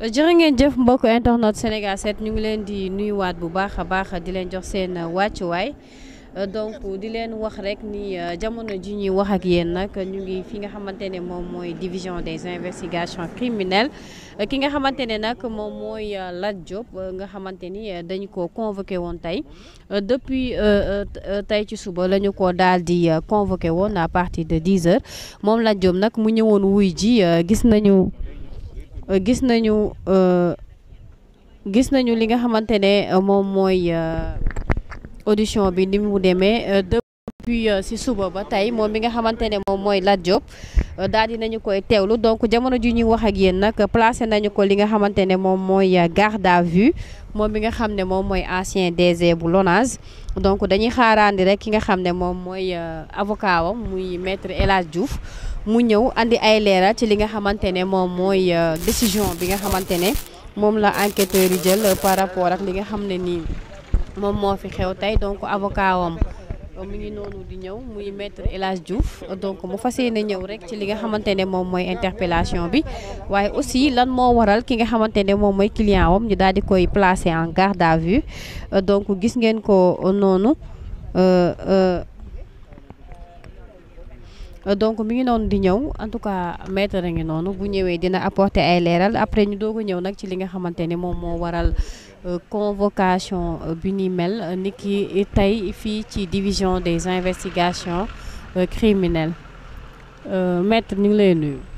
jërë ngeen jëf mbokk internet Sénégal set ñu ngi leen di nuyuwaat bu baax a baax di leen jox seen wàccuwaay euh, donc di leen wax rek ni euh, jamono ji ñuy wax ak yéen nag ñu ngi fi nga xamante ne moom mooy division des investigations criminelles euh, ki nga xamante ne nag moom mooy Lat Diop nga xamante ni dañu ko convoqué woon tey depuis tey ci suba la ñu ko daal di convoqué woon à partir de 10 heures moom Lat Diop nag mu ñëwoon wuy ji gis nañu. gis nañu euh, gis nañu li nga xamante ne euh, moom mooy euh, audition bi ni mu demee depuis ci suba ba tey moom bi nga xamante ne moom mooy Lat Diop daal di nañu koy teewlu donc jamono ji ñuy wax ak yéen nag placé nañu ko li nga xamante ne moom mooy garde à vue moom bi nga xam ne moom mooy ancien DG bu lonage donc dañuy xaaraandi rek ki nga xam ne moom mooy avocat muy maître El Hadj Diouf mu ñëw andi ay leeral ci li nga xamante ne moom mooy euh, décision bi nga xamante ne moom la enquêteurs yi jël par rapport ak li nga xam ne nii moom moo fi xew tey donc avocat wam euh, mu ngi noonu di ñëw muy maître El Hadj donc mu fas ne ñëw rek ci li nga xamante ne moom mooy interpellation bi waaye aussi lan moo waral ki nga xamante ne moom mooy client wam ñu daal di koy placer en garde à vue euh, donc gis ngeen ko noonu. Euh, donc mi ngi noonu di ñëw en tout cas maître a ngi noonu bu ñëwee dina apporter ay leeral après ñu doog a ñëw nag ci li nga xamante ni moom moo waral euh, convocation euh, bi ni mel ni ki tey fii ci division des investigations criminelles maître ñu ngi lay nuyu.